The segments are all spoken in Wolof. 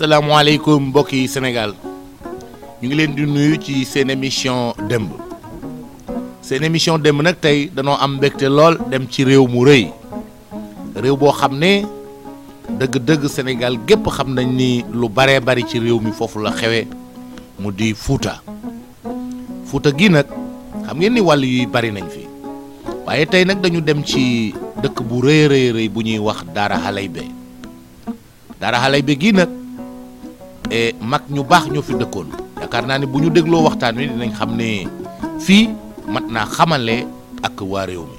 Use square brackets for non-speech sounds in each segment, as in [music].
asalaamaaleykum mbokk yi Sénégal ñu ngi leen di nuyu ci seen émission démb seen émission démb nag tey danoo am mbégte lool dem ci réew mu rëy réew boo xam ne dëgg-dëgg Sénégal gépp xam nañ ni lu baree bari ci réew mi foofu la xewe mu di Fuuta Fuuta gi nag xam ngeen ni wàll yuy bari nañ fi waaye tey nag dañu dem ci dëkk bu rëy rëy bu ñuy wax Daara Halaybe Daara Halaybe gi nag Eh, mag ñu baax ñoo fi dëkkoon yaakaar naa ne bu ñu dégloo waxtaan wi dinañ xam ne fii mat naa xamale ak waa réew mi.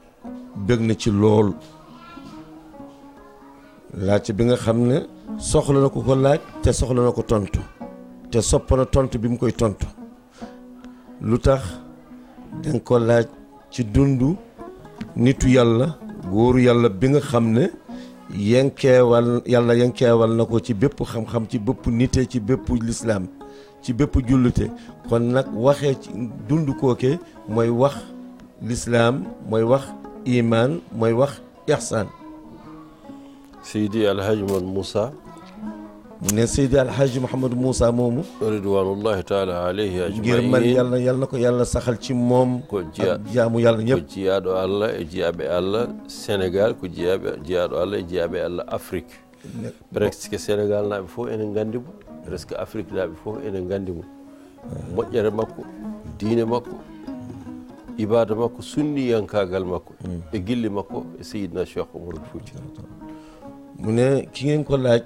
bëgg na ci lool laaj bi nga xam ne soxla na ko ko laaj te soxla na ko tontu te sopp na tontu bi mu koy tontu lu tax danga ko laaj ci dundu nitu yàlla góor yàlla bi nga xam ne yenkeewal yàlla yenkeewal na ko ci bépp xam-xam ci bépp nite ci bépp lislaam ci bépp jullite kon nag waxee ci dund kooke mooy wax lislaam mooy wax imaan mooy wax ihsaan seydi alhaji Mouhamadou Moussa mu ne seydi alhaji Mouhamadou Moussa moomu ridwanullahi taala alayhi ajmain ngir na ko yàlla saxal ci moom ko jaamu yàlla ñëpp ko jiyaaɗo allah e jiyaaɓe allah sénégal ko allah e jiyaaɓe allah afrique presque sénégal naaɓe fof enen nganndi mo presque afrique naaɓe fof enen nganndi mo ah. moƴƴere makko diine makko ibada makko sunniyankagal makko mm. e gilli makko e mu ne ki ngeen ko laaj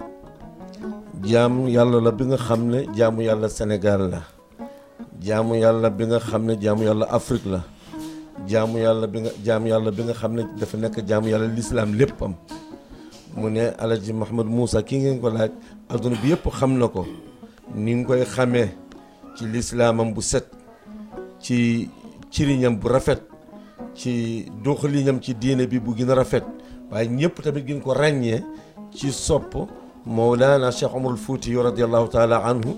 jaamu yàlla la bi nga xam ne jaamu yàlla sénégal la jaamu yàlla bi nga xam ne jaamu yàlla afrique la jaamu yàlla bi nga yàlla bi nga xam ne dafa nekk jaamu yàlla lislaam lépp mu ne alaji Mouhamed Moussa ki ngeen ko laaj adduna bi yëpp xam na ko ni nga koy xamee ci lislaamam bu set ci ciriñam bu rafet ci doxaliinam ci diina bi bu gën rafet waaye ñëpp tamit gën ko ràññee ci sopp Mawlana Cheikh Omarul Fuutiyu radiyallahu taala anhu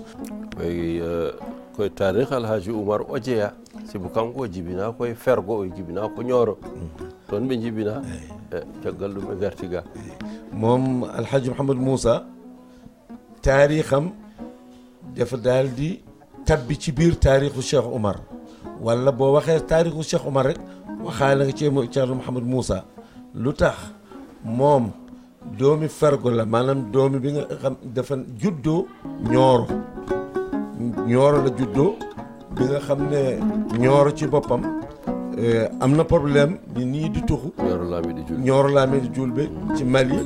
koy euh, koye tarikh alhaji oumar o jeeya sabu kanko jibina koye fergo o jibina ko ñooro toon ɓe jibina e eh, caggal moom alhaji mouhamadou moussa taarixam dafa daal tabbi ci biir taarixu cheikh oumar wala boo waxee taarixu Cheikh Omar rek waxaale nga ci Thierno Mouhamed Moussa lu tax moom doomi Fergo la maanaam doomi bi nga xam dafa juddoo Nioro Nioro la juddoo bi nga xam ne Nioro ci boppam eh, am na problème bi nii di tuxu Nioro laa di Diourbé ci Mali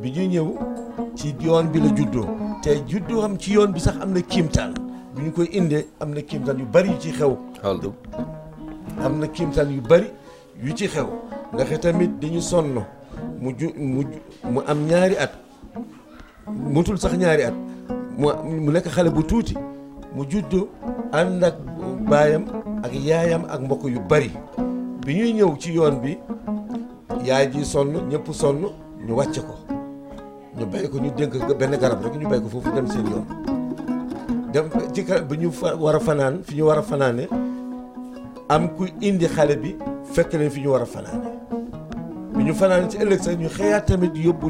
bi ñu ñëw ci yoon bi la juddoo te juddoo xam ci yoon bi sax am na kiimtaan bi ñu koy indee am na kiimtaan yu bari ci xew allo am na kiimtaan yu bari yu ci xew ndax tamit dañu sonn mu ju mu mu am ñaari at mutul sax ñaari at mu mu nekk xale bu tuuti mu juddoo ànd ak baayam ak yaayam ak mbokk yu bari bi ñuy ñëw ci yoon bi yaay ji sonn ñëpp sonn ñu wàcce ko ñu bàyyi ko ñu dénk benn garab rek ñu bàyyi ko foofu dem seen yoon dem ci bi ñu war a fanaan fi ñu war a fanaane am kuy indi xale bi fekk leen fi ñu war a fanaane bi ñu fanaane ci ëllëg sax ñu xëyaat tamit yóbbu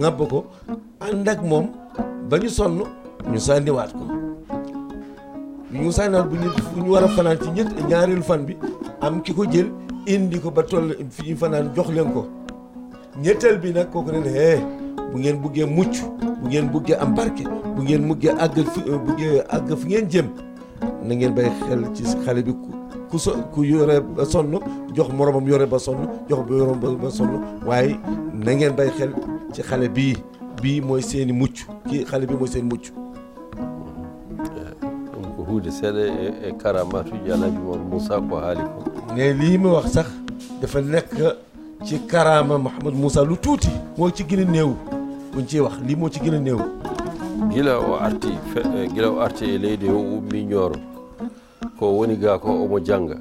ŋàbb ko ànd ak moom ba ñu sonn ñu sànniwaat ko ñu sànniwaat bu ñu bu ñu war a fanaan ci ñett ñaareelu fan bi am ki ko jël indi ko ba toll fi ñu fanaan jox leen ko ñetteel bi nag kooku ne hee eh, bu ngeen buggee mucc bu ngeen buggee am barke bu ngeen muggee àgg bu ngeen àgg fi ngeen jëm na ngeen bàyyi xel ci xale bi ku so ku yore ba sonn jox moromam yore ba sonn jox ba yorom ba sonn waaye na ngeen bàyyi xel ci xale bi bii mooy seeni mucc kii xale bii mooy seen mucc ɗum ko huude seeɗa ko haali ko ne lii ma wax sax dafa nekk ci karama Mouhamed Moussa lu tuuti moo ci gën a néew buñ ciy wax lii moo ci gën a néew gila o arti e leydi o ummi ko woni ga ko omo janga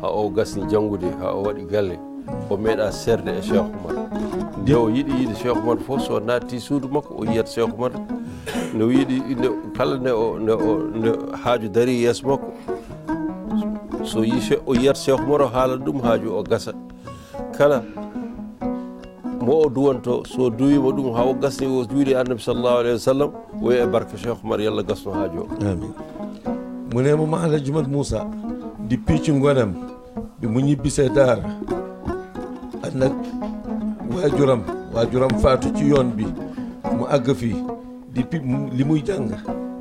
ha o gasni jangude ha o waɗi galle o meeɗa serde e cheikh oumar nde o yiiɗi yiide cheikh oumar fof so naatti suudu makko o yiyat cheikh oumar no yiiɗi kala ne o ne haaju dari yeeso makko so yi o yiyat cheikh oumar o ɗum haaju o gasa kala mo o duwanto so duwima ɗum ha o gasni o juuɗe annabi sallllahu alayhi wa sallam o wiya e barke cheikh oumar yallah faatu ci yoon bi mu àgg di depuis li muy jàng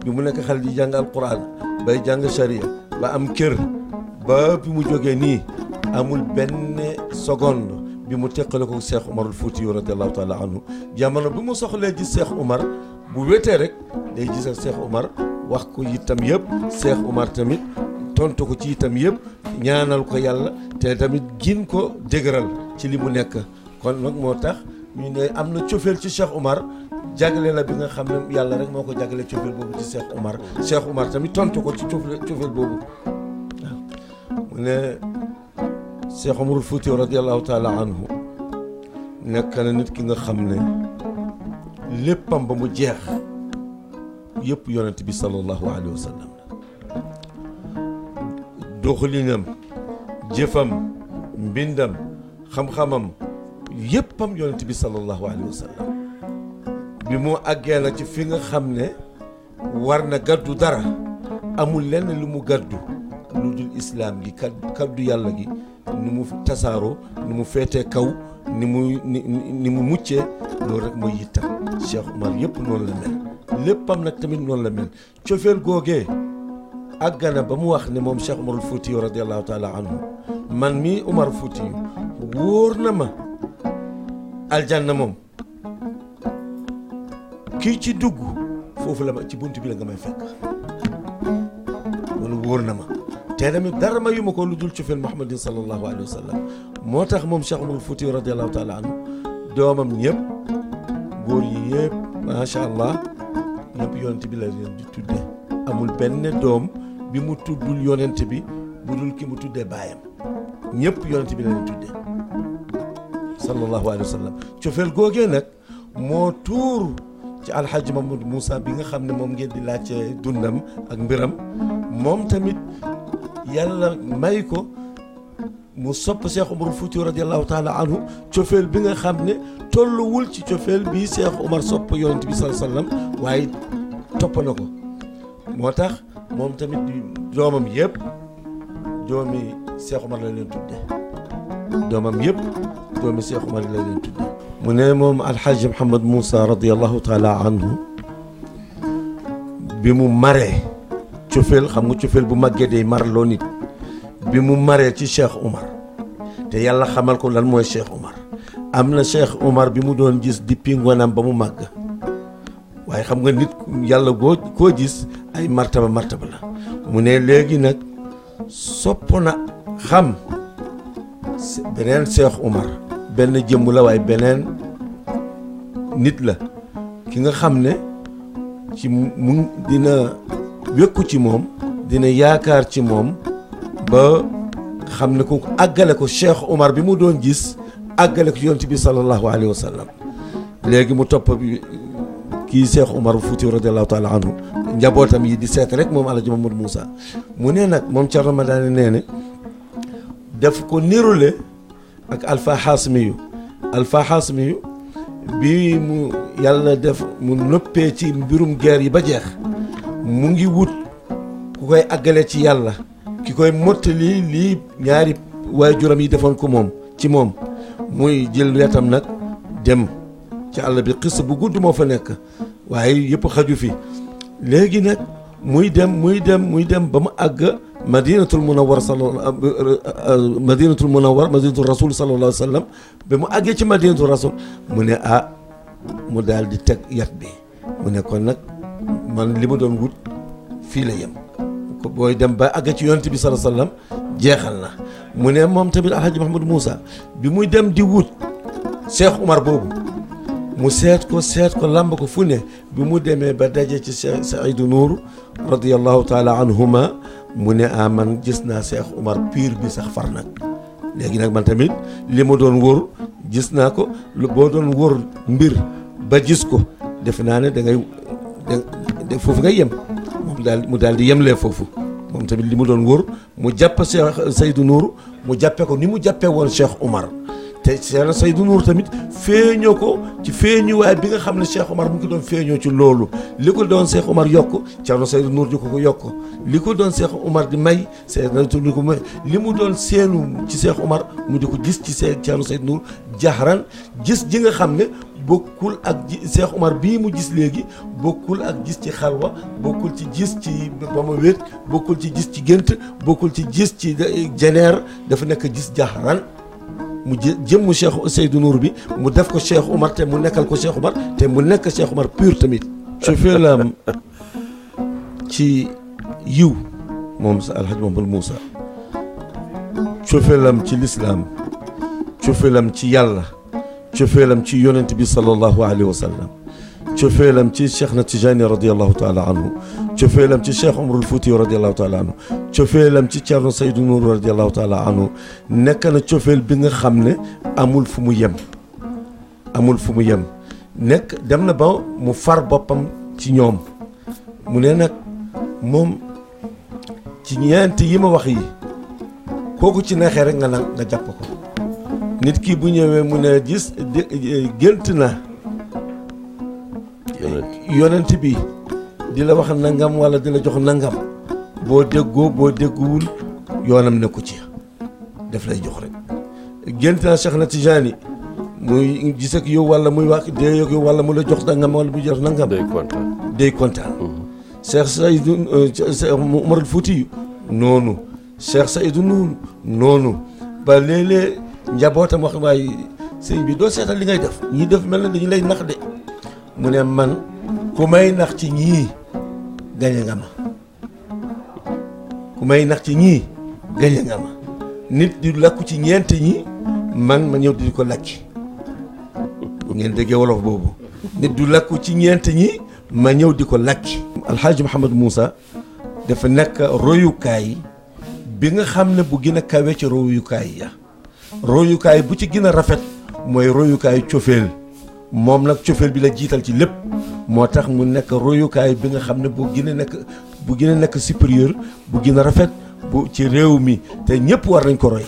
bi mu nekk xale di jàng alquran bay jàng sharia ba am kër ba bi mu jógee nii amul benn seconde bi mu teqale ko Cheikh Umarul Fuuti radiyallahu taala anhu jamono bu mu soxlee gis Cheikh Umar bu wéetee rek day gisal Cheikh Umar wax ko itam yëpp Cheikh Umar tamit tontu ko ci itam yëpp ñaanal ko yàlla te tamit gin ko dëgëral ci li mu nekk kon nag moo tax ñu ne am na cofeel ci Cheikh Umar jagle la bi nga xam ne yàlla rek moo ko jagle ci Cheikh Umar Cheikh Umar tamit tontu ko ci cofeel cofeel boobu mu ne Cheikh Omarul Fuutiyu radiyallahu taala anhu nekk na nit ki nga xam ne léppam ba mu jeex yëpp yonent bi sallallahu alayhi wa sallam doxalinam jëfam mbindam xam-xamam yëppam yonent bi sallallahu alayhi wa sallam bi mu àggee na ci fi nga xam ne war na gàddu dara amul lenn lu mu gàddu lu dul islaam gi kaddu yàlla gi ni mu tasaaroo ni mu feetee kaw ni mu ni ni mu muccee loolu rek mooy yittam Cheikh Oumar yëpp noonu la mel léppam nag tamit noonu la mel cofeel googee àggana ba mu wax ne moom Cheikh Oumarul Foutiyu radiallahu taala anhu man mii Oumar Foutiyu wóor na ma aljanna moom kii ci dugg foofu la ma ci bunt bi la nga may fekk loolu wóor na ma te tamit dara mayuma ko lu dul cofeel Muhammadin sallallahu alayhi wa sallam moo tax moom Cheikh Oumar Fouti radiallahu taala anhu doomam ñëpp góor yi yëpp macha allah ñëpp yonent bi la tudde amul benn doom bi mu tuddul yonent bi bu dul ki mu tuddee baayam ñëpp yonent bi la leen tudde sallallahu alayhi wa sallam cofeel googee nag moo tuur ci alxaaji Mamadou Moussa bi nga xam ne moom ngeen di laajte dundam ak mbiram moom tamit yàlla may ko mu sopp Cheikh Omar Fouti radiallahu taala anhu cofeel bi nga xam ne tolluwul ci cofeel bi Cheikh Omar sopp yonent bi sallallahu alayhi waaye topp ko moo tax moom tamit doomam yëpp doomi Cheikh Omar la leen yëpp doomi Cheikh Omar la leen tudde mu ne moom alxaaji Mouhamed Moussa radiallahu taala anhu bi mu maree cofeel xam nga cofeel bu màggee day maraloo nit bi mu maree ci Cheikh Oumar te yàlla xamal ko lan mooy Cheikh Oumar am na Cheikh Oumar bi mu doon gis di pingoonam ba mu màgg waaye xam nga nit yàlla koo koo gis ay martaba martaba la mu ne léegi nag sopp na xam beneen Cheikh Oumar benn jëmm la waaye beneen nit la ki nga xam ne ci mu dina wékku ci moom dina yaakaar ci moom ba xam ne ku àggale ko Cheikh Omar bi mu doon gis àggale ko yonent bi sallallahu alayhi wa sallam léegi mu topp kii Cheikh Omar Fuuti radiallahu taala anhu njabootam yi di seet rek moom Alaaji Mamadou Moussa mu ne nag moom ca Ramadaan nee ne daf ko nirule ak Alpha Xaasmi yu Alpha Xaasmi bi mu yàlla def mu nëppee ci mbirum geer yi ba jeex mu ngi wut ku koy àggale ci yàlla ki koy mottali lii ñaari waaye waajuram yi defoon ko moom ci moom muy jël wetam nag dem ci àll bi xis bu gudd moo fa nekk waaye yëpp xaju fi léegi nag muy dem muy dem muy dem ba mu àgg madinatul munawar sala madinatul munawar madinatul rasul sallallahu alayhi wa sallam ba mu àggee ci madinatul rasul mu ne ah mu daal di teg yat bi mu ne kon nag man li ma doon wut fii la yem booy dem ba àgg ci yonent bi sala sallam jeexal na mu ne moom tamit alhaji mahamadou moussa bi muy dem di wut cheikh oumar boobu mu seet ko seet ko làmb ko fu ne bi mu demee ba daje ci cheikh saidu nuur radiallahu taala anhuma mu ne ah man gis naa cheikh oumar piir bi sax far nag léegi nag man tamit li ma doon wóor gis naa ko boo doon wóor mbir ba gis ko defe naa ne da de foofu ngay yem moom daal mu daal di yemlee foofu moom tamit li mu doon wóor mu jàpp Cheikh Seydou Nour mu jàppe ko ni mu jàppee woon Cheikh Omar te Cheikh Seydou Nour tamit feeñoo ko ci feeñuwaay bi nga xam ne Cheikh Omar mu ngi doon feeñoo ci loolu li ko doon Cheikh Omar yokk Thierno Seydou Nour di ko ko yokk li ko doon Cheikh Omar di may Thierno Seydou Nour ko may li mu doon seenu ci Cheikh Omar mu di ko gis ci Cheikh Thierno Seydou Nour jaaxaran gis ji nga xam ne bokkul ak ji Cheikh bii mu gis léegi bokkul ak gis ci xalwa bokkul ci gis ci ba ma wéet bokkul ci gis ci gént bokkul ci gis ci jeneer dafa nekk gis jaxran mu jë jëmmu Cheikh Seydou Nour bi mu def ko Cheikh Omar te mu nekkal ko Cheikh Omar te mu nekk Cheikh Omar pur tamit su feelaam ci yiw moom sa alhaj Mamadou Moussa cofeelam ci lislaam cofeelam ci yàlla cofeelam ci yonent bi sallallahu alayhi wa sallam cofeelam ci cheikh na tijaani radiallahu taala anhu cofeelam ci cheikh omarul fuuti radiallahu taala anhu cofeelam ci cerno saydu nuur radiallahu taala anhu nekk na cofeel bi nga xam ne amul fu mu yem amul fu mu yem nekk dem na ba mu far boppam ci ñoom mu ne nag moom ci ñeent yi ma wax yi kooku ci neexee rek nga nag nga jàpp ko nit kii bu ñëwee mu ne gis gént na yonent bi di la wax nangam wala di la jox nangam boo déggoo boo dégguwul yoonam ko ci daf lay jox rek gént naa Cheikh na Tijaani muy gis ak yow wala muy wax dee ak yow wala mu la jox nangam wala mu jox nangam. day kontaan day kontaan. Mhm. Cheikh Seydou euh, Cheikh Oumar Foutiyou noonu Cheikh Seydou noonu noonu ba léeg-léeg njabootam wax waaye sëñ bi doo seetal li ngay def ñi def mel na dañu lay nax de mu ne man ku may nax ci ñii gañe nga ma may nax ci ñii nit di lakku ci ñeent ñi man ma ñëw di ko lakki bu ngeen déggee wolof boobu nit du lakku ci ñeent ñi ma ñëw di ko lakki alxaaji Mouhamed Moussa dafa nekk royukaay bi nga xam ne bu gën a kawe ci royukaay ya royukaay bu ci gën a rafet mooy royukaay cofeel moom nag cofeel bi la jiital ci lépp moo tax mu nekk royukaay bi nga xam ne bu gën a nekk bu gën a nekk bu gën a rafet bu ci réew mi te ñëpp war nañ ko roy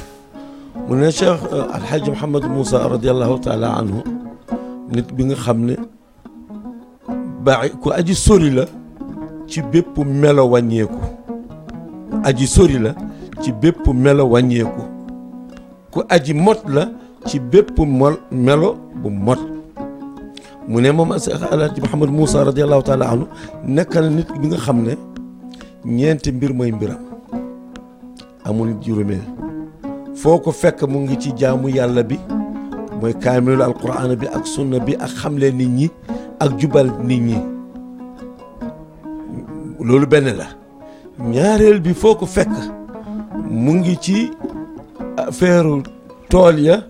mu ne Cheikh euh, Alhaji Mouhamadou Moussa radiallahu taala anhu nit bi nga xam ne baax ku aji sori la ci bépp melo wàññeeku aji sori la ci bépp melo wàññeeku ku aji mot la ci bépp mol melo bu mot mu ne moom alaaji Mouhamed Moussa radiallahu taala anhu nekk na nit bi nga xam ne ñeenti mbir mooy mbiram amul juróomeel foo ko fekk mu ngi ci jaamu yàlla bi mooy kaamilu alquran bi ak sunna bi ak xamle nit ñi ak jubal nit ñi loolu benn la ñaareel bi foo ko fekk mu ngi ci feeru tool ya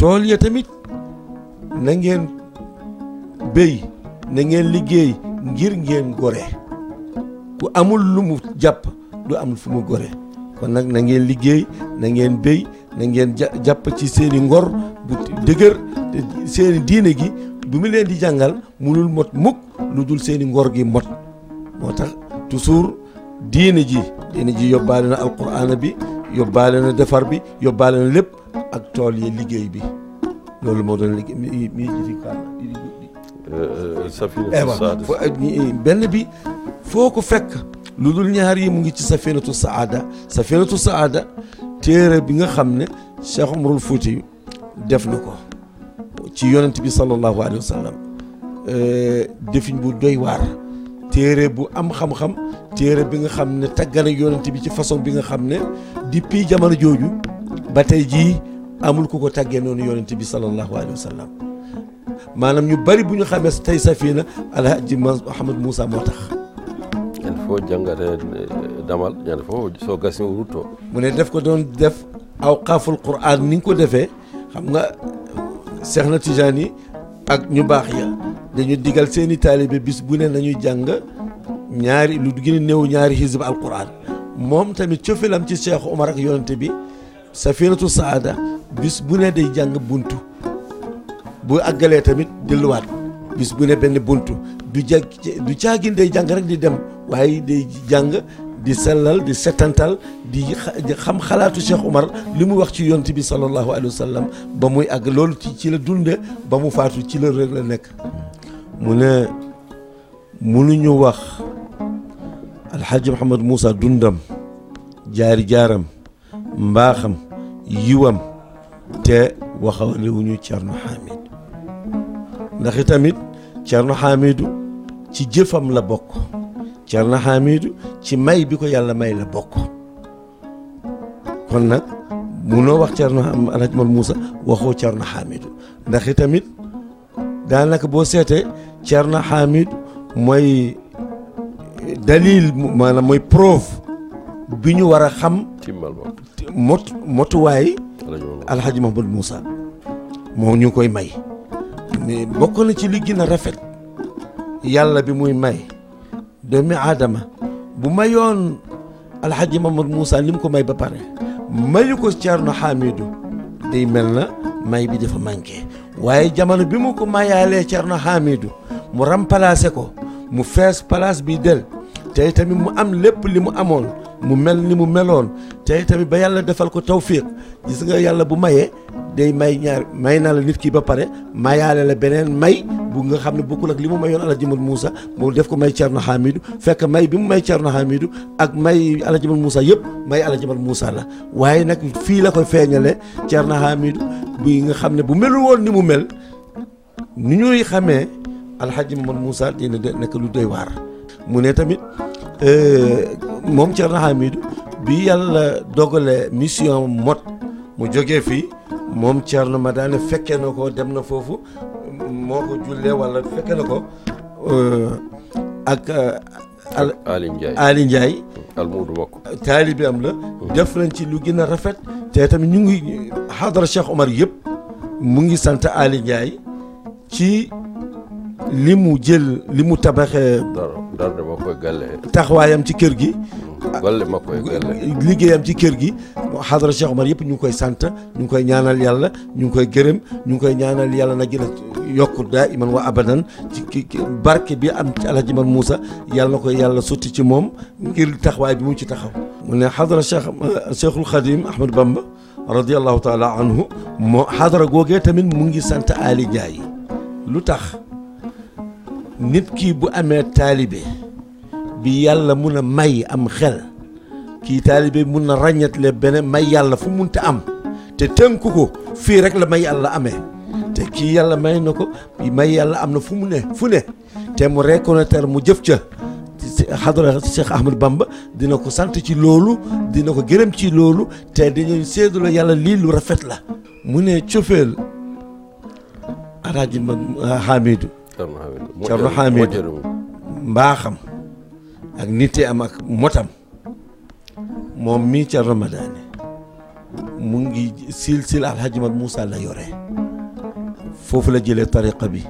tool ya tamit na ngeen béy na ngeen liggéey ngir ngeen gore ku amul lu mu jàpp du am fu mu gore kon nag na ngeen liggéey na ngeen béy na ngeen jàpp ci seeni ngor bu dëgër seeni diine gi bu mu leen di jàngal munul mot mukk lu dul seeni ngor gi mot moo tax toujours diine ji diine ji yóbbaale na alquraan bi yóbbaale na defar bi yóbbaale na lépp ak tool yi liggéey bi loolu moo doon liggéey mi mi ngi ci euh, euh, eh eh, benn bi foo ko fekk lu dul ñaar yi mu ngi ci safinatu saada safinatu saada téere bi nga xam ne Cheikh Umarul Fuuti def na ko ci yonent bi sallallahu alayhi wa sallam euh, defiñ bu doy waar. téere bu am xam-xam téere bi nga xam ne tàggal ak yonent bi ci façon bi nga xam ne depuis jamono jooju ba tey jii amul ku ko tàggee noonu yonent bi sallallahu alayhi wa sallam maanaam ñu bari bu ñu xamee tey Safina Alhaji Mouhamed Moussa moo tax. ñan foo jàngate eh, damal ñan foo soo gasin wurutoo mu ne def ko doon def awqaaful Qur'an ni ko defee xam nga Seexna Tijaan yi. ak ñu baax ya dañu digal seeni taalibe bis bu ne nañuy jàng ñaari lu gën a néew ñaari xisib alquran moom tamit cofilam ci Cheikh Omar ak yonante bi safinatu saada bis bu ne day jàng buntu bu àggalee tamit delluwaat bis bu ne benn buntu du jag du caagin day jàng rek di dem waaye day jàng di sellal di setantal di xam xalaatu Cheikh Umar li mu wax ci yonent bi sallallahu alayhi wa sallam ba muy àgg loolu ci ci la dunde ba mu faatu ci la rek la nekk mu ne ñu wax alxaaji Mouhamed Moussa dundam jaari jaaram mbaaxam yiwam te waxawale wuñu Thierno Hamidou ndax itamit Thierno Hamidou ci jëfam la bokk Cerno Hamidou ci may bi ko yàlla may la bokk kon nag munoo wax Cerno Alhaji Mor Moussa waxoo Cerno Hamidou ndax itamit daanaka boo seetee Cerno Hamidou mooy dalil mooy preuve bi ñu war a xam mot motuwaay Alhaji Mahmoud moo ñu koy may mais bokk na ci li gën rafet yàlla bi muy may doomi aadama bu mayoon alxaji Mamadou Moussa li mu ko may ba pare mayu ko Thierno Hamidou day mel na may bi dafa manqué waaye jamono bi mu ko mayaalee Thierno Hamidou mu remplacé ko mu fees place bi del tey tamit mu am lépp li mu amoon mu mel ni mu meloon tey tamit ba yàlla defal ko tawfiq gis nga yàlla bu mayee day may ñaar may naa la nit ki ba pare mayaale la beneen may bu nga xam ne bokkul ak li mu mayoon Alaaji Mat Moussa mu def ko may Thierno Hamidou fekk may bi mu may Thierno Hamidou ak may Alaaji Mat Moussa yëpp may Alaaji Mat Moussa la waaye nag fii la koy feeñale Thierno Hamidou bi nga xam ne bu melul woon ni mu mel ni ñuy xamee Alaaji Mat Moussa dina nekk lu doy waar mu ne tamit euh, moom Thierno bi yàlla dogale mission mot mu jógee fi moom ma Madane fekkee na ko dem na foofu moo ko jullee walla fekkee na ko euh, ak. Euh, al Ali Ndiaye Ali Ndiaye. bokk. taalibe am la. def nañ ci lu gën a rafet. te tamit ñu ngi xadara Cheikh Omar yëpp mu ngi sant Ali ci. li mu jël li mu tabaxee. dara taxawaayam ci kër gi. Mm, ma koy liggéeyam ci kër gi. xadra Cheikh Omar yëpp ñu koy sant ñu koy ñaanal yàlla ñu ngi koy gërëm ñu ngi koy ñaanal yàlla nag gën a yokk daa iman wa abadan ci barke bi am ci Alhaji Man Moussa yàlla na koy yàlla sotti ci moom ngir taxawaay bi mu ci taxaw. mu ne xadra Cheikh euh, Cheikhul Khadim Ahmad Bamba radiyallahu taala anhu moo xadra googee tamit mu ngi sant Ali Ndiaye lu tax. nit kii bu amee taalibe bi yàlla mun a may am xel kii bi mun na ràññatle beneen may yàlla fu munta am te tënku ko fii rek la may yàlla amee te kii yàlla may na ko may yàlla am na fu mu ne fu ne te mu reconnaître mu jëf ca xadra Cheikh dina ko sant ci loolu dina ko gërëm ci loolu te dañuy seedula yàlla lii lu rafet la mu ne cofeel alaaji Hamidou Cerno Hamid mbaaxam ak nittee am ak motam moom mii Cerno Madani mu ngi silsil alhaji Mat Moussa la yore foofu la jëlee tariqa bi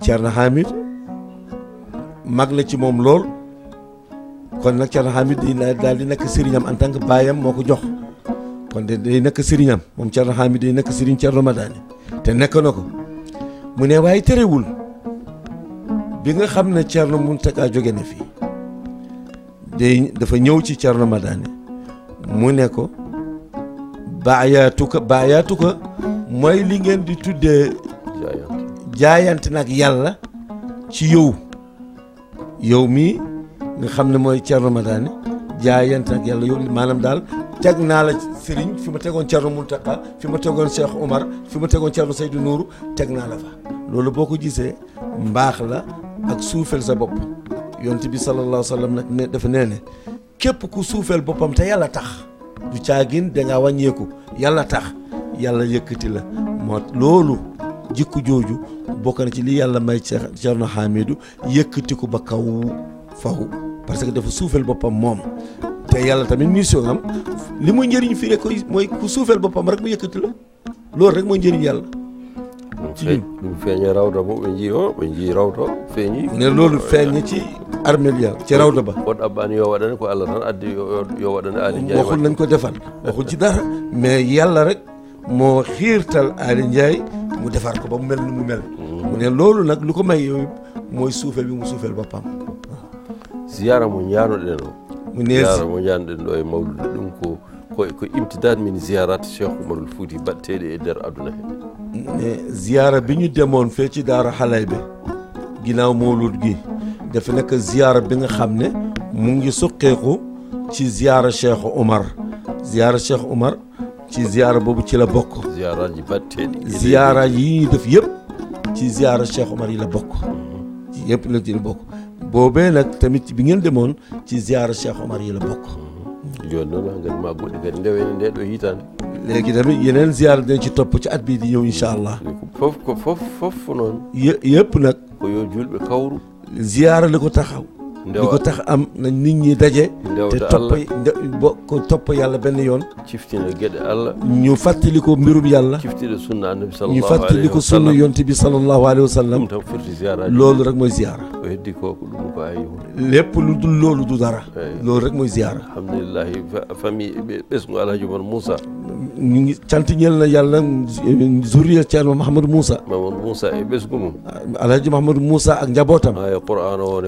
Cerno Hamid mag la ci moom lool kon nag Cerno Hamid dina daal di nekk sëriñam en tant baayam moo ko jox kon de day nekk sëriñam moom Cerno Hamid day nekk sëriñ Cerno Madani te nekk na ko mu ne waaye terewul bi nga xam ne Thierno Mountaga jóge na fi day dafa ñëw ci Thierno Madani mu ne ko baayaatuka baayaatuka mooy li ngeen di tuddee jaayante nag yàlla ci yow yow mii nga xam ne mooy Thierno Madani jaayante ak yàlla yow maanaam daal teg naa la Serigne fi ma tegoon Thierno Mountakha fi ma tegoon Cheikh Omar fi ma tegoon Thierno Seydou Nourou teg naa la fa loolu boo ko gisee mbaax la ak suufel sa bopp yonent bi sallallahu alayhi wa nag ne dafa nee ne képp ku suufeel boppam te yàlla tax du caagin da ngaa wàññeeku yàlla tax yàlla yëkkati la moo loolu jikko jooju bokk na ci li yàlla may Cheikh Thierno Hamidou yëkkati ko ba kaw faw parce que dafa suufeel boppam moom te yàlla tamit mission am li muy njëriñ fii rek mooy ku suufeel boppam rek mu yëkkati la loolu rek mooy njëriñ yàlla. ci ñun mu feeñee rawda bo ɓe jii o ɓe jii rawda feeñi ne loolu feeñe ci armel ya ci rawda ba won abbani yo waɗane ko allah tan addi waxul nañ ko defal mais yàlla rek moo xiirtal ali mu defar ko ba mu mel ni mu mel mm-hmm. mu ne loolu nag lu ko may yooyu mooy suufel bi mu suufeel boppam ziyara mo janoɗen o ziyara mo janoɗen ɗo e mawlude ɗum ko ko imtidade min ziyarat cheikh oumarul fouti batteɗe e nder aduna he ziyara bi ñu demoon fee ci daara xalay be ginnaaw mawlud gi dafa nekk ziyara bi nga xam ne mu ngi suqeeku ci ziyara cheikh oumar ziyara cheikh oumar ci ziyara boobu ci la bokk ziyara yi ñuy def yëpp ci ziyara cheikh oumar yi la bokk mhm. yëpp ci la bokk boobee nag tamit bi ngeen demoon ci ziara Cheikh Omar yi la bokk jooni noon gadi ma goɗɗi kadi ndewene nde ɗo hitande léegi tamit yeneen ziara dina ci topp ci at bii di ñëw incha allah foof ko foof foof noon yë yëpp nag ko yo julɓe kawru ziara li ko taxaw li ko tax am na nit ñi daje te toppa bokk yàlla benn yoon ciftina geɗe ñu fàttali ko mbirum yàlla ciftide sunna annabi ñu fàttali ko sunna yonte bi sallallahu alayhi wa sallam tam foti ziara loolu rek mooy ziara o heddi ko lépp lu dul loolu du dara loolu rek mooy ziara alhamdulillahi famille ɓesgu alhaji umar moussa ñu ngi cant ñeel na yàlla zuriya ceerno mahamadou moussa mahamadou moussa e ɓesgu mum alhaji mahamadou moussa ak njabootam ay qouran o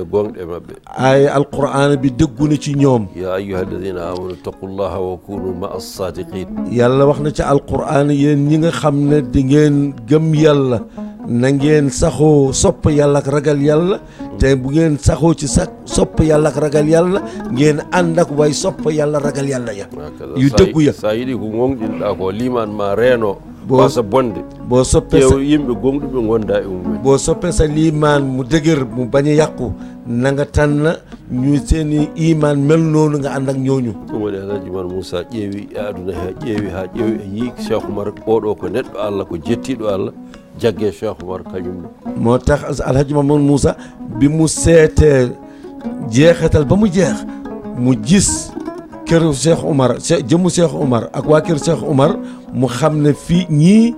aaya alquraan bi dëggu na ci ñoom yaa ayuha alladina amanu taqullaha wa kunu ma assaadiqin yàlla wax na ci alquraan yéen ñi nga xam ne di ngeen gëm yàlla na ngeen saxoo sopp yàlla ak ragal yàlla te bu ngeen saxoo ci sax sopp yàlla ak ragal yàlla ngeen ànd ak way sopp yàlla ragal yàlla ya yu dëggu ya sa yiɗi ko gonɗinɗa ko liman ma reeno wasa bonde boo soppe sa yimɓe gonɗuɓe e boo soppe sa liman mu dëgër mu bañ a yàqu nanga nga tànn ñu seeni i iman mel noonu nga ànd ak ñooñu ɗum waɗi alaji man moussa ƴeewi aduna ha ƴeewi ha ƴeewi e yii cheikh oumar oɗo ko neɗɗo allah ko jettiɗo allah jagge cheikh oumar kañumne moo tax alhaji mamadou moussa bi mu seetee jeexatal ba mu jeex mu jis këru cheikh oumar jëmmu cheikh oumar ak waa këru cheikh oumar mu xam ne fii ñii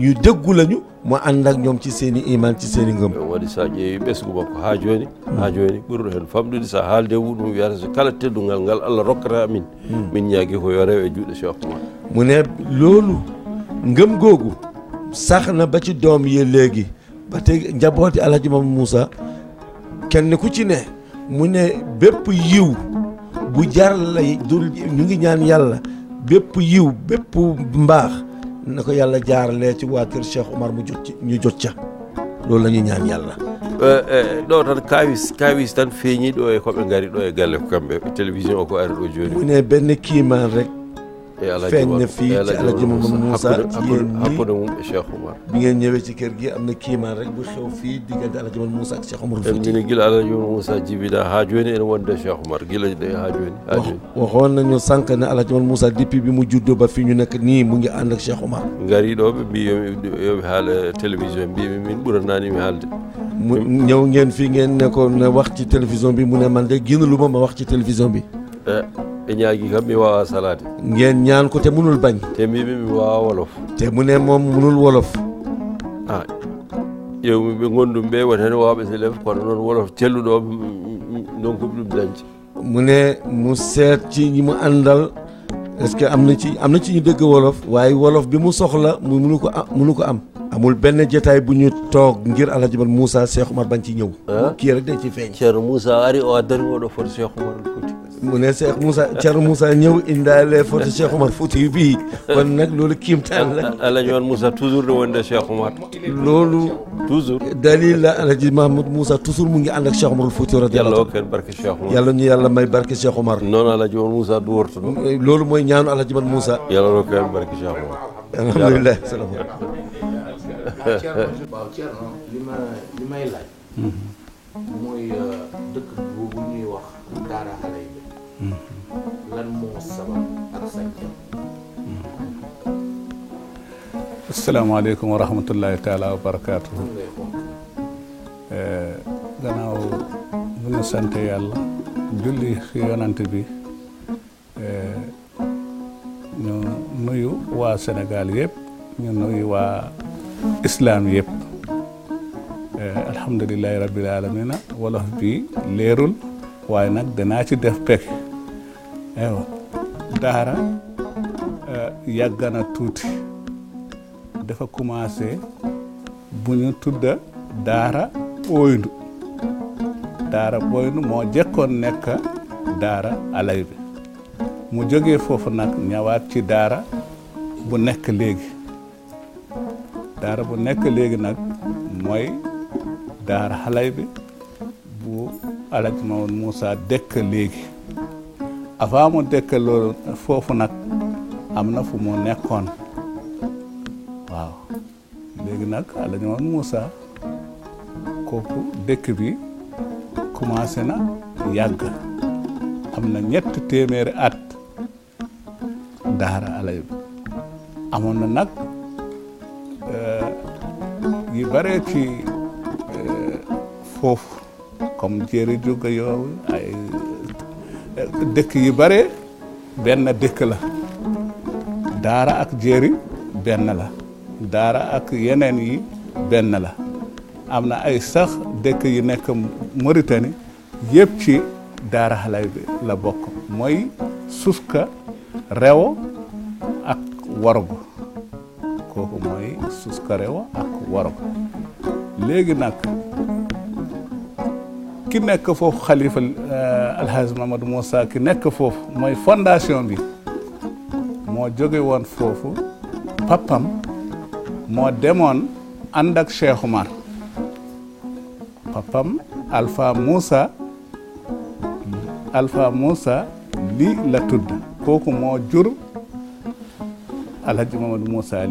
ñu dëggu lañu mo ànd ak ñoom ci seen i iman ci seen i ngëm waɗi sa ƴeewi ɓesgu makko ha joni ha joni ɓurɗo hen famɗude sa haalde muɗum wiyata so kala teddugal ngal allah rokkata min hmm. min ñaagui ko yo rew e juuɗe cheikh oumar mu ne loolu ngëm googu sax na ba ci doom yi léegi ba tey njabooti alhaji mam moussa kenn ku ci ne mu ne bépp yiw bu jar la dul ñu ngi ñaan yàlla bépp yiw bépp mbaax na ko yàlla jaaralee ci waa kër Cheikh Omar mu jot ci ñu jot ca loolu la ñuy ñaan yàlla ɗo eh, eh, tan kawis kawis tan feeñi ɗo e koɓe ngari ɗo e galle ko kamɓe télévision o ko ari ɗo joni wone benn kiiman rek feeñ na fii ci Alaaji Mamadou Moussa Cheikh Omar bi ngeen ñëwee ci kër gi am na kiimaan rek bu xew fii diggante Alaaji Mamadou Moussa ak Cheikh Omar Fouti mine gila Alaaji Mamadou Moussa jibina ha jooni ene wonde Cheikh Omar gila ha jooni waxoon nañu sànq ne Alaaji Mamadou Moussa bi mu juddo ba fi ñu nekk nii mu ngi ànd ak Cheikh Omar ngari ɗo bi mbi yomi haala télévision mbimi mu ñëw ngeen fii ngeen ne wax ci télévision bi mu ne man de génn lu ma ma wax ci télévision bi eh, ɓe ñaagui kam mi wawa salade nguen ñaan ko te munul bañ te mbimi mi wawa wolof te mune moom munul wolof a lu ɓe gondumi ɓe woni hen wawaɓe sélève kono noon wolof celluɗo donkumi mu seet ci ñi mu àndal parce que am na ci am na ci ñu dëgg wolof waaye wolof bi mu soxla mu munu ko am munu ko am amul benn jotaay bu ñu toog ngir alhaji Moussa Cheikh Oumar bañ ci ñëw kii rek da ci feeñ ceerno Moussa ari o addani oɗo foti Cheikh Oumar foti mu ne Cheikh Moussa Thierno Moussa ñëw indaale photo Cheikh Omar Fouti bii kon nag loolu kiimtaan la. Alaaji Moussa toujours di wonde Cheikh Omar. loolu. toujours dalil la Alaaji Mahmoud Moussa toujours mu ngi ànd ak Cheikh Omar Fouti radiyallahu anhu. barke Cheikh Omar yàlla may barke Cheikh Omar. noonu Alaaji Moussa du wërtu loolu mooy ñaanu Alaaji Moussa. yàlla loo koy barke Cheikh Omar. alhamdulilah salaamaaleykum. [laughs] waaw Thierno may laaj. Hmm. mooy euh, lan moo sabab ak sa jëm asalaamaaleykum wa rahmatullahi taala wa barakaatu eh, gannaaw bu ñu sant yàlla julli si yonante bi eh, ñu nuyu waa Sénégal yëpp ñu nuyu waa islaam yëpp eh, alhamdulilahi rabbil alamina wolof bi leerul waaye nag danaa ci def pek aywa daara eh, yàgg na tuuti dafa commencé bu ñu tudda daara Oyndu daara Oyndu moo jëkkoon nekk daara alay bi mu jógee foofu nag ñëwaat ci daara bu nekk léegi daara bu nekk léegi nag mooy daara xalay bu alaj Maodo Moussa dëkk léegi avant mu dëkk loolu foofu nag am na fu mu nekkoon waaw léegi nag ala ñu woon Moussa kooku dëkk bi commencé na yàgg am na ñett téeméeri at daara ala bi amoon na nag eh, yi bare ci eh, foofu comme jéeri jóg yooyu ay dëkk yu bare benn dëkk la daara ak jéeri benn la daara ak yeneen yi benn la am na ay sax dëkk yu nekk Mauritanie yëpp ci daara xalay la bokk mooy suska rewo ak wargo kooku mooy suska rewo ak wargo léegi nag ki nekk foofu xalifa alhaji mamadou ki nekk foofu mooy fondation bi moo jóge woon foofu papam moo demoon ànd ak Cheikh Oumar papam Alpha Moussa Alpha Moussa lii la tudd kooku moo jur alhaji mamadou moussa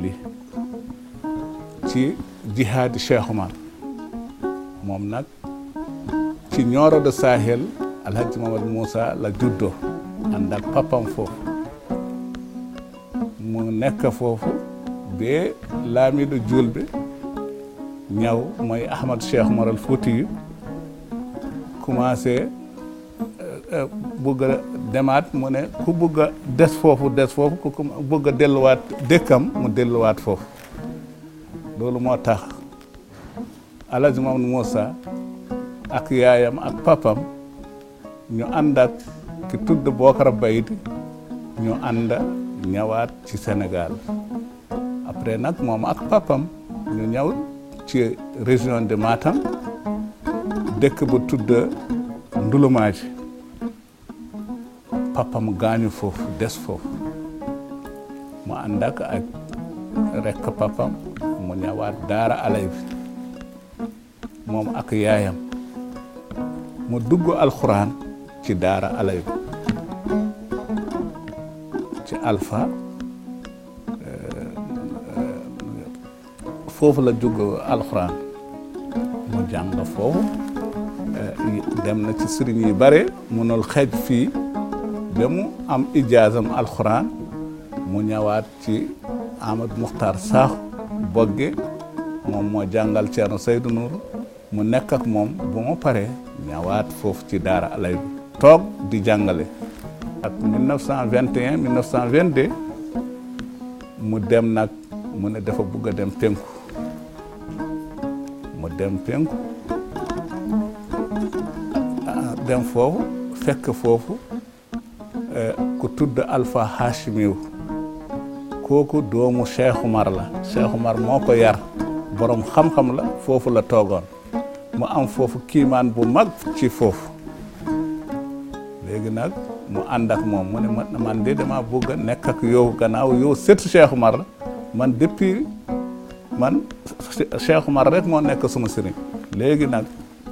ci jihaadi Cheikh Oumar moom nag ci Nioro de Sahel alhaji mamadou moussa la juddoo ànd ak papam foofu mu nekk foofu be juul bi ñaw mooy ahmad cheikh moral fouti commencé euh, euh, bugg demaat mu ne ku bugg des foofu des foofu ku bugg a delluwaat dëkkam mu delluwaat foofu loolu moo tax Alhaji Mamadou Moussa ak yaayam ak papam ñu ànd ak ki tudd Bocar Bayte ñu ànd ñëwaat ci Sénégal après nag moom ak papam ñu ñaw ci région de Matam dëkk bu tudd Ndulumaaji papam gaañu foofu des foofu mu ànd ak ak rekk papam mu ñëwaat daara alay moom ak yaayam mu dugg alxuraan ci daara alay ko ci alpha euh, foofu la jóg alxuraan mu jàng foofu euh, dem na ci sëriñ yi bare mënul xeej fii ba mu am ijaazam alxuraan mu ñëwaat ci Ahmad Muxtaar Saaxu bogge moom moo jàngal Ceerno Seydou Nour mu nekk moom bu ma paree ñëwaat foofu ci daara alay bi toog di jàngale ak 1921 1922 mu dem nag mu na defa bugg a dem penku mu dem penku ah, dem foofu fekk foofu eh, ku tudd Alpha Hachimiw kooku doomu Cheikh Umar la Cheikh moo ko yar borom xam-xam la foofu la toogoon mu am foofu kiimaan bu mag ci foofu nag mu ànd ak moom mu ne man de dama bëgg a nekk ak yow gannaaw yow surtout Cheikh Umar la man depuis man Cheikh Umar moo nekk suma sëriñ léegi nag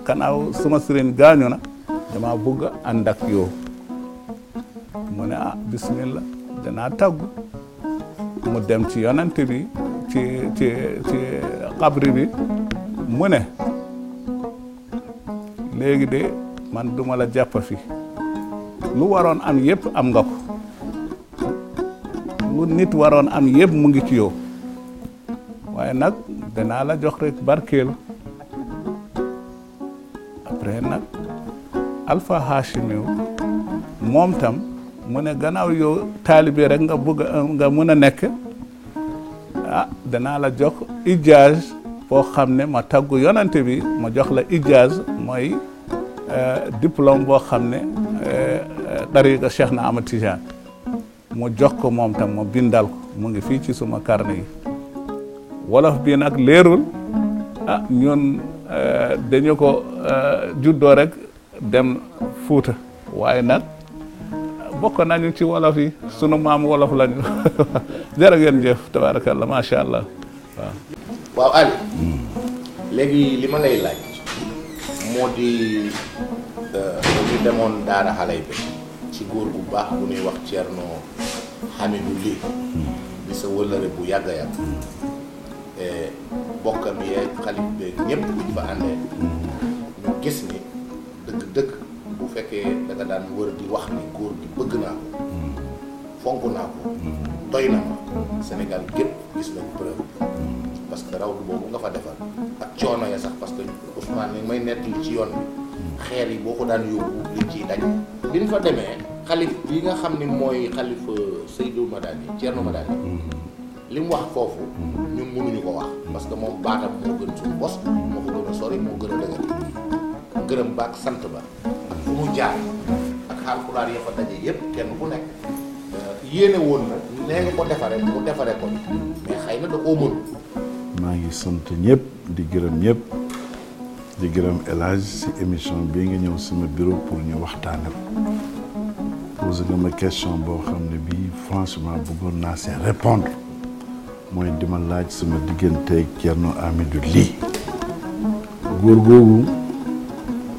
gannaaw suma sëriñ gaañu na dama bëgg a ànd ak yow mu ne ah bismillah danaa tàggu mu dem ci yonante bi ci ci ci xabri bi mu léegi de man duma la jàpp fi lu waroon am yëpp am nga lu nit waroon am yëpp mu ngi ci yow waaye nag danaa la jox rek barkeel après nag Alpha Hachimi moom tam mu ne gannaaw yow taalibe rek nga bëgg nga mën a nekk ah danaa la jox ijaaz boo xam ne ma taggu yonante bi ma jox la ijaaz mooy euh, diplôme boo xam ne euh, dariqa Cheikh na Ahmad Tijaan mu jox ko moom tam ma bindal ko ngi fii ci suma carnet yi wolof bii nag leerul ah ñun eh, dañu ko eh, juddoo rek dem Fuuta waaye nag bokk nañu ci wolof yi sunu maam wolof lañu [laughs] jërë ngeen jëf tabarakallah macha allah waaw. waaw Ali. Hmm. léegi lay laaj. moo di eh, demoon daara xale yi góor bu baax bu ñuy wax Thierno Hamidou Ly di sa wëllëre bu yàgg a yàgg eh, bokkam yeeg xalif beeg ñëpp buñ fa àndee ñu gis ni dëgg-dëgg bu fekkee da daan wër di wax ni góor gi bëgg naa ko fonk naa ko doy na ma Sénégal gépp gis nañ preuve parce que raw boobu nga fa defal ak coono ya sax parce que Ousmane ni may nettali ci yoon xeer yi boo ko daan yóbbu liñ ciy daj liñ fa demee xalif bi nga xam ni mooy xalif Seydou Madani Thierno Madani mm-hmm. li mu wax foofu mm-hmm. ñun mënuñu ko wax parce que moom baatam moo gën suñu bos moo ko gën a sori moo gën a dëgër mm-hmm. gërëm ba sant ba mu jaar kenn ku nekk euh, yéene woon na ko defare mu defaree ko mais xëy na da koo maa ngi sant ñëpp di gërëm ñëpp di gërëm El Hadj si émission bi nga ñëw sama bureau pour ñu waxtaane ko posé nga ma question boo xam ne bii franchement bëggoon naa see répondre mooy di laaj sama digganteeg Thierno Hamidou Ly góor googu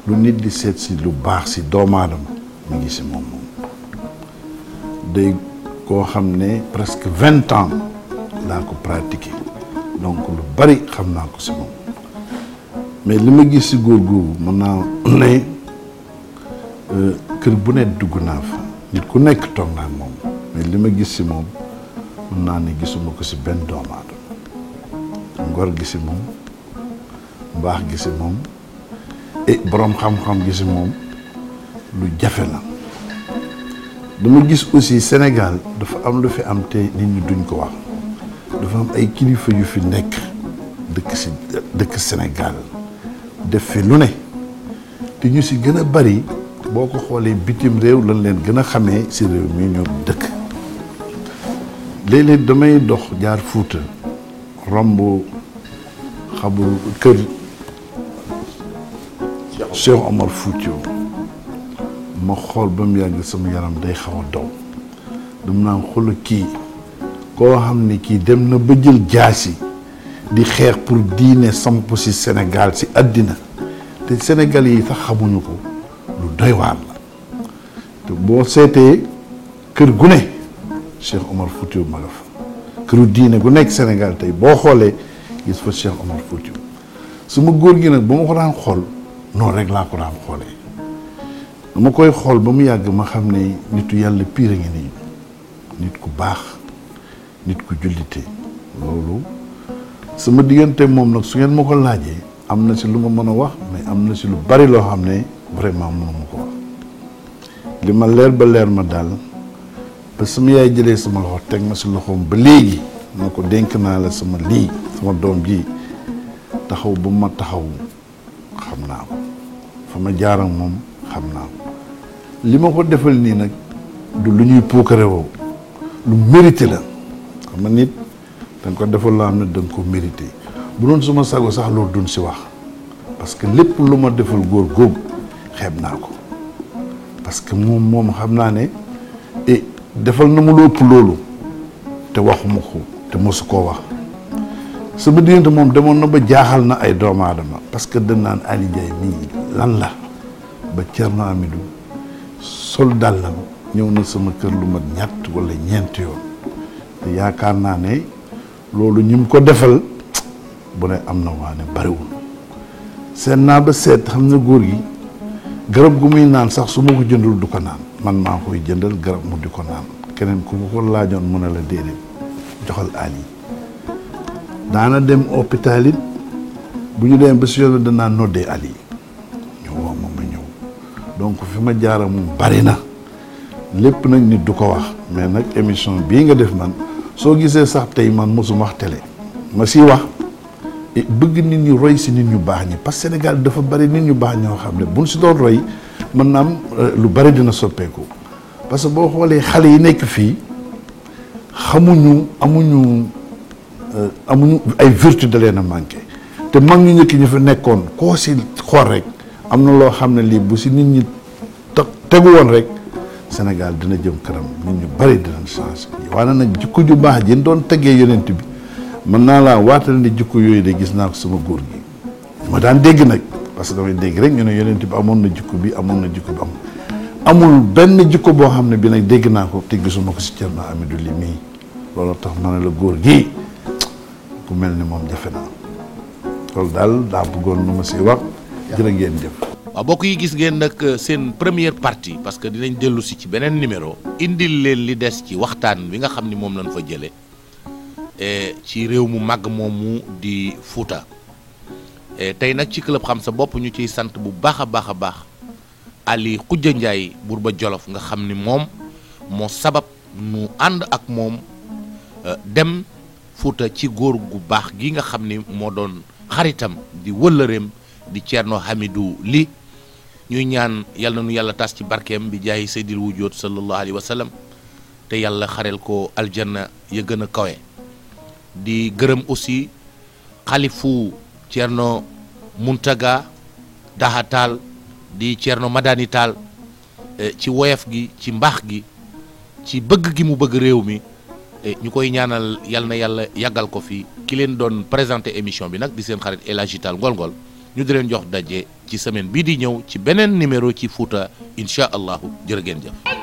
lu nit di seet si lu baax si doomu aadama mu ngi si moom moom day koo xam ne presque vingt ans laa ko pratiqué donc lu bari xam naa ko si moom mais li ma gis si góor googu mën naa euh, kër bu ne dugg naa fa nit ku nekk toog naa moom mais li ma gis si moom mun naa ne gisuma ko si benn doomu ngor gi si moom mbaax gi si moom eh, boroom xam-xam gi si moom lu jafe la dama gis aussi senegal dafa am lu fi am te nit ñi duñ ko wax dafa am ay kilifa yu fi nekk dëkk si dëkk Sénégal def fi lu ne te ñu si gën a bari boo ko xoolee bitim réew lañ leen gën a xamee si réew mi ñu dëkk léeg damay dox jaar Fuuta romb xabul kër Cheikh Omar Foutiyou ma xool ba mu yàgg sama yaram day xaw a daw dam naa xool kii koo xam ne kii dem na ba jël jaasi di xeex pour diine samp si Sénégal si àddina te Sénégal yi sax xamuñu ko doy waar la te boo seetee kër gune ne Cheikh Omar Foutiou ma nga fa këru diine gu nekk Sénégal tey boo xoolee gis fa Cheikh Omar Foutiou suma góor gi nag ba ma ko daan xool noonu rek laa ko daan xoolee dama koy xool ba mu yàgg ma xam ne nitu yàlla a ngi nii nit ku baax nit ku jullite loolu sama diggante moom nag su ngeen ma ko laajee am na si lu ma mën a wax mais am na si lu bari loo xam ne vraiment mënuma ko wax li ma leer ba leer ma daal ba sama yaay jëlee sama loxo teg ma si loxoom ba léegi na ko dénk naa la sama lii sama doom ji taxaw bu ma taxaw xam naa ko fa ma jaaram moom xam naa ko li ma ko defal nii nag du lu ñuy puukare lu mérité la xam nga nit da nga ko defal loo xam ne da ko mérité bu doon suma sago sax loolu duñ si wax parce que lépp lu ma defal góor góob xeeb naa ko parce que moom moom xam naa ne eh, defal na ma lu ëpp loolu te waxuma ko te mosu koo wax sama diggante moom demoon na ba jaaxal na ay doomu aadama parce que dañ naan Aly Ndiaye mii lan la ba Thierno Amidou sol dàllam ñëw na sama kër lu mat ñett wala ñeent yoon te yaakaar naa ne loolu ñi mu ko defal bu ne am na waane bariwul seet naa ba seet xam na góor gi garab gu muy naan sax su ma ko jëndul du ko naan man maa koy jëndal garab mu di ko naan keneen ku ko laajoon mën a la déedéet joxal Ali daana dem hôpital it bu ñu dee ba si yoon danaa noddee Ali ñu woo ma ma ñëw donc fi ma jaara mu bari na lépp nag nit du ko wax mais nag émission bii nga def man soo gisee sax tey man mosuma wax télé ma siy wax bëgg nit ñi roy si nit ñu baax ñi parce que Sénégal dafa bari nit ñu baax ñoo xam ne bu buñ si doon roy mën na am euh, lu bari dina soppeeku parce que boo xoolee xale yi nekk fii xamuñu amuñu euh, amuñu ay vertu da leen a manqué te mag ñu njëkk ñu fa nekkoon koo si xool rek am na loo xam ne lii bu si nit ñi tegu woon rek Sénégal dina jëm këram nit ñu bari dinañ changé waaye nag jikko ju baax ji doon tegee yonent bi mën naa laa waatal ni jikko yooyu de gis naa ko sama góor gi ma daan dégg nag parce que damay dégg rek ñu ne yonent bi amoon na jikko bi amoon na jikko bi amul benn jikko boo xam ne bi nag dégg naa ko te gisuma ko si Thierno Hamidou Ly mii loolu tax ma ne la góor gi ku mel ni moom jafe naa loolu daal daa bëggoon lu ma si wax jërë ngeen jëf waaw mbokk yi gis ngeen nag euh, seen première partie parce que dinañ dellu si ci beneen numéro indil leen li des ci waxtaan bi nga xam ni moom lañ fa jëlee Eh, ci réew mu màgg moomu di Fuuta eh, tey nag ci club xam sa bopp ñu ciy sant bu baax a baax a baax Ali Xujja Njaay buur ba Jolof nga xam ni moom moo sabab mu ànd ak moom eh, dem Fuuta ci góor gu baax gi nga xam ni moo doon xaritam di wëllëreem di Ceerno Hamidou li ñuy ñaan yàlla nu yàlla tas ci barkeem bi jaayi seydil wujjoot sallallahu alayhi wa te yàlla xareel ko aljana ya gën a kawe di gërëm aussi xalifu Thierno Muntaga Daha Tall di Thierno Madani Tall eh, ci woyof gi ci mbaax gi ci bëgg gi mu bëgg réew mi eh, ñu koy ñaanal yal na yàlla yàggal ko fi ki leen doon présente émission bi nag di seen xarit El Hadji Tall Ngol ñu di leen jox daje ci semaine bii di ñëw ci beneen numéro ci Fouta incha allahu jërë ngeen jëf